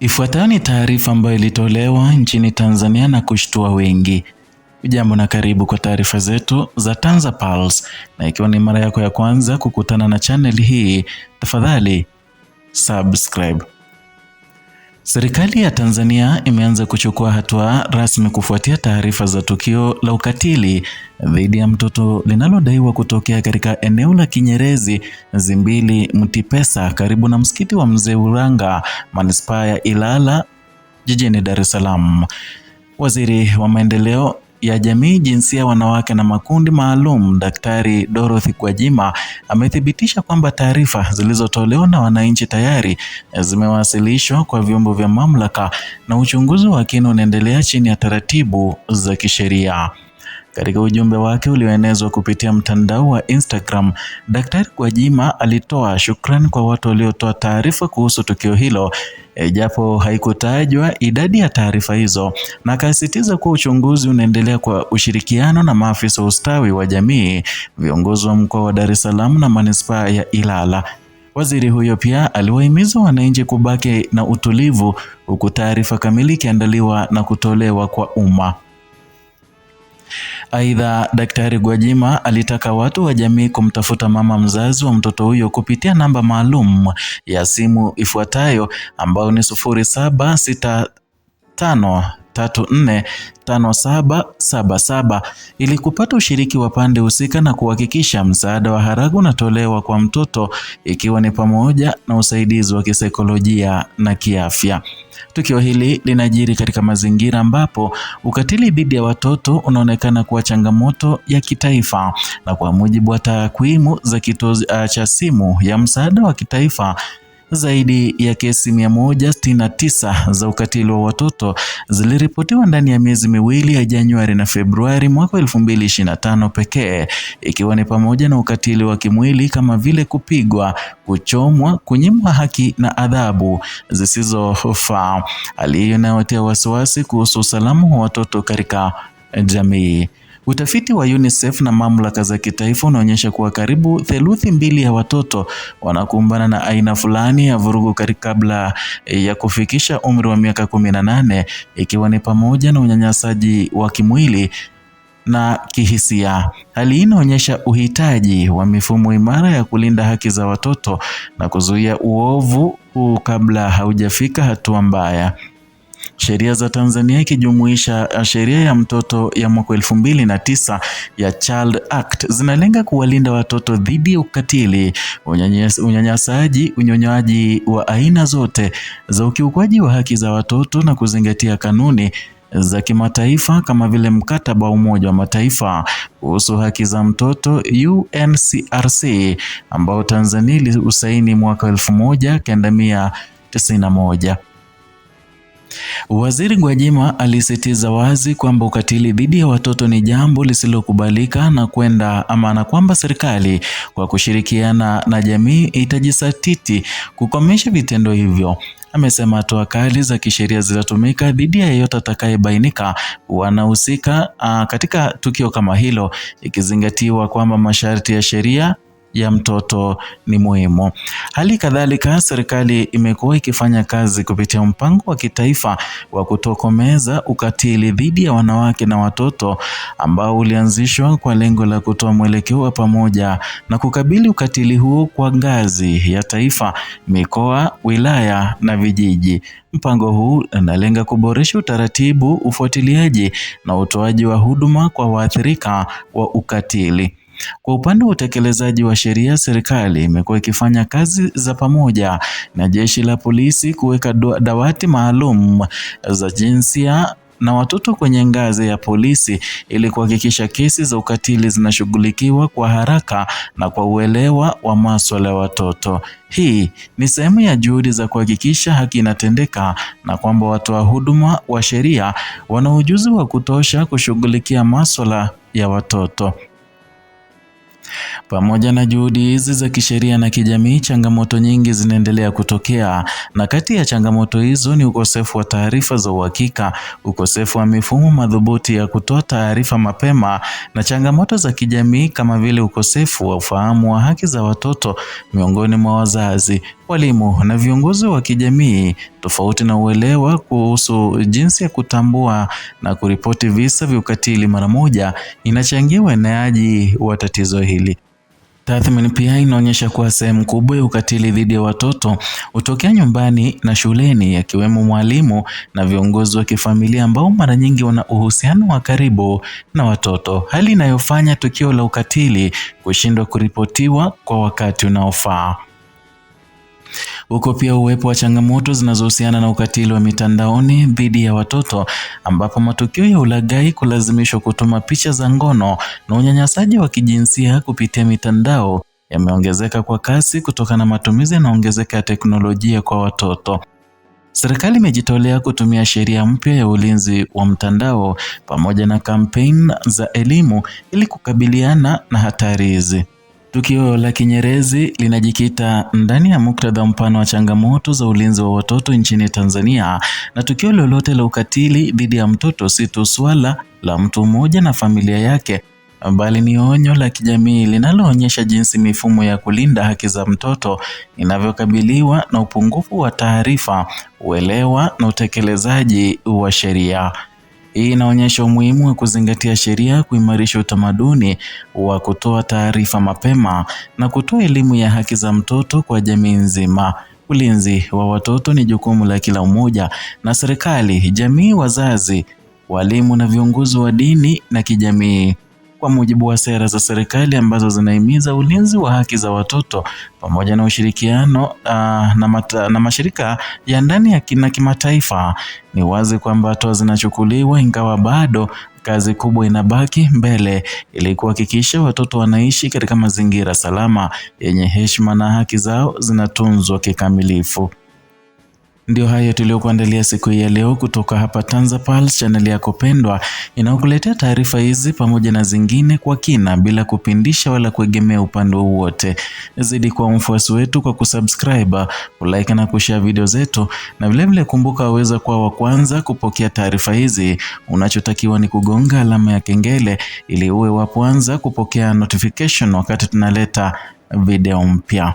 Ifuatayo ni taarifa ambayo ilitolewa nchini Tanzania na kushtua wengi. Jambo na karibu kwa taarifa zetu za Tanza Pulse, na ikiwa ni mara yako ya kwanza kukutana na chaneli hii, tafadhali subscribe. Serikali ya Tanzania imeanza kuchukua hatua rasmi kufuatia taarifa za tukio la ukatili dhidi ya mtoto linalodaiwa kutokea katika eneo la Kinyerezi Zimbili Mtipesa karibu na msikiti wa Mzee Uranga, manispaa ya Ilala jijini Dar es Salaam. Waziri wa maendeleo ya jamii jinsia wanawake na makundi maalum, Daktari Dorothy Gwajima amethibitisha kwamba taarifa zilizotolewa na wananchi tayari zimewasilishwa kwa vyombo vya mamlaka na uchunguzi wa kina unaendelea chini ya taratibu za kisheria. Katika ujumbe wake ulioenezwa kupitia mtandao wa Instagram, Daktari Gwajima alitoa shukrani kwa watu waliotoa taarifa kuhusu tukio hilo E, japo haikutajwa idadi ya taarifa hizo, na akasisitiza kuwa uchunguzi unaendelea kwa ushirikiano na maafisa wa ustawi wa jamii, viongozi wa mkoa wa Dar es Salaam na manispaa ya Ilala. Waziri huyo pia aliwahimiza wananchi kubaki na utulivu, huku taarifa kamili ikiandaliwa na kutolewa kwa umma. Aidha, Daktari Gwajima alitaka watu wa jamii kumtafuta mama mzazi wa mtoto huyo kupitia namba maalum ya simu ifuatayo ambayo ni sufuri saba sita tano 37 ili kupata ushiriki wa pande husika na kuhakikisha msaada wa haraka unatolewa kwa mtoto ikiwa ni pamoja na usaidizi wa kisaikolojia na kiafya. Tukio hili linajiri katika mazingira ambapo ukatili dhidi ya watoto unaonekana kuwa changamoto ya kitaifa, na kwa mujibu wa takwimu za kituo ah, cha simu ya msaada wa kitaifa zaidi ya kesi 169 za ukatili wa watoto ziliripotiwa ndani ya miezi miwili ya Januari na Februari mwaka 2025 pekee, ikiwa ni pamoja na ukatili wa kimwili kama vile kupigwa, kuchomwa, kunyimwa haki na adhabu zisizofaa, hali hiyo inayotia wasiwasi kuhusu usalama wa watoto katika jamii. Utafiti wa UNICEF na mamlaka za kitaifa unaonyesha kuwa karibu theluthi mbili ya watoto wanakumbana na aina fulani ya vurugu kabla ya kufikisha umri wa miaka kumi na nane ikiwa ni pamoja na unyanyasaji wa kimwili na kihisia. Hali hii inaonyesha uhitaji wa mifumo imara ya kulinda haki za watoto na kuzuia uovu huu kabla haujafika hatua mbaya. Sheria za Tanzania ikijumuisha uh, sheria ya mtoto ya mwaka elfu mbili na tisa ya Child Act zinalenga kuwalinda watoto dhidi ya ukatili, unyanyasaji, unyonyaji wa aina zote za ukiukwaji wa haki za watoto na kuzingatia kanuni za kimataifa kama vile mkataba wa Umoja wa Mataifa kuhusu haki za mtoto UNCRC ambao Tanzania iliusaini mwaka elfu moja kenda mia tisini na moja. Waziri Gwajima alisitiza wazi kwamba ukatili dhidi ya watoto ni jambo lisilokubalika na kwenda amana kwamba serikali kwa kushirikiana na jamii itajisatiti kukomesha vitendo hivyo. Amesema hatua kali za kisheria zitatumika dhidi ya yeyote atakayebainika wanahusika ah, katika tukio kama hilo, ikizingatiwa kwamba masharti ya sheria ya mtoto ni muhimu. Hali kadhalika, serikali imekuwa ikifanya kazi kupitia mpango wa kitaifa wa kutokomeza ukatili dhidi ya wanawake na watoto ambao ulianzishwa kwa lengo la kutoa mwelekeo wa pamoja na kukabili ukatili huo kwa ngazi ya taifa, mikoa, wilaya na vijiji. Mpango huu unalenga kuboresha utaratibu, ufuatiliaji na utoaji wa huduma kwa waathirika wa ukatili. Kwa upande wa utekelezaji wa sheria, serikali imekuwa ikifanya kazi za pamoja na jeshi la polisi kuweka dawati maalum za jinsia na watoto kwenye ngazi ya polisi ili kuhakikisha kesi za ukatili zinashughulikiwa kwa haraka na kwa uelewa wa masuala ya watoto. Hii ni sehemu ya juhudi za kuhakikisha haki inatendeka na kwamba watoa huduma wa sheria wana ujuzi wa kutosha kushughulikia masuala ya watoto. Pamoja na juhudi hizi za kisheria na kijamii, changamoto nyingi zinaendelea kutokea, na kati ya changamoto hizo ni ukosefu wa taarifa za uhakika, ukosefu wa mifumo madhubuti ya kutoa taarifa mapema, na changamoto za kijamii kama vile ukosefu wa ufahamu wa haki za watoto miongoni mwa wazazi, walimu na viongozi wa kijamii, tofauti na uelewa kuhusu jinsi ya kutambua na kuripoti visa vya ukatili mara moja, inachangia ueneaji wa tatizo hili. Tathmini pia inaonyesha kuwa sehemu kubwa ya ukatili dhidi ya watoto hutokea nyumbani na shuleni, yakiwemo mwalimu na viongozi wa kifamilia ambao mara nyingi wana uhusiano wa karibu na watoto, hali inayofanya tukio la ukatili kushindwa kuripotiwa kwa wakati unaofaa huko pia uwepo wa changamoto zinazohusiana na ukatili wa mitandaoni dhidi ya watoto, ambapo matukio ya ulaghai, kulazimishwa kutuma picha za ngono na unyanyasaji wa kijinsia kupitia mitandao yameongezeka kwa kasi kutokana na matumizi yanaongezeka ya teknolojia kwa watoto. Serikali imejitolea kutumia sheria mpya ya ulinzi wa mtandao pamoja na kampeni za elimu ili kukabiliana na hatari hizi. Tukio la Kinyerezi linajikita ndani ya muktadha mpana wa changamoto za ulinzi wa watoto nchini Tanzania, na tukio lolote la ukatili dhidi ya mtoto si tu swala la mtu mmoja na familia yake, bali ni onyo la kijamii linaloonyesha jinsi mifumo ya kulinda haki za mtoto inavyokabiliwa na upungufu wa taarifa, uelewa na utekelezaji wa sheria. Hii inaonyesha umuhimu wa kuzingatia sheria, kuimarisha utamaduni wa kutoa taarifa mapema na kutoa elimu ya haki za mtoto kwa jamii nzima. Ulinzi wa watoto ni jukumu la kila mmoja na serikali, jamii, wazazi, walimu na viongozi wa dini na kijamii kwa mujibu wa sera za serikali ambazo zinahimiza ulinzi wa haki za watoto pamoja na ushirikiano uh, na, mata, na mashirika ya ndani ya na kimataifa. Ni wazi kwamba hatua zinachukuliwa, ingawa bado kazi kubwa inabaki mbele ili kuhakikisha watoto wanaishi katika mazingira salama yenye heshima na haki zao zinatunzwa kikamilifu. Ndio hayo tuliyokuandalia siku hii ya leo kutoka hapa Pulse, chaneli yako pendwa inayokuletea taarifa hizi pamoja na zingine kwa kina bila kupindisha wala kuegemea upande wowote. Zidi kwa mfuasi wetu kwa kusubscribe, kulike na kushare video zetu, na vilevile kumbuka, waweza kuwa wa kwanza kupokea taarifa hizi. Unachotakiwa ni kugonga alama ya kengele ili uwe wa kwanza kupokea notification wakati tunaleta video mpya.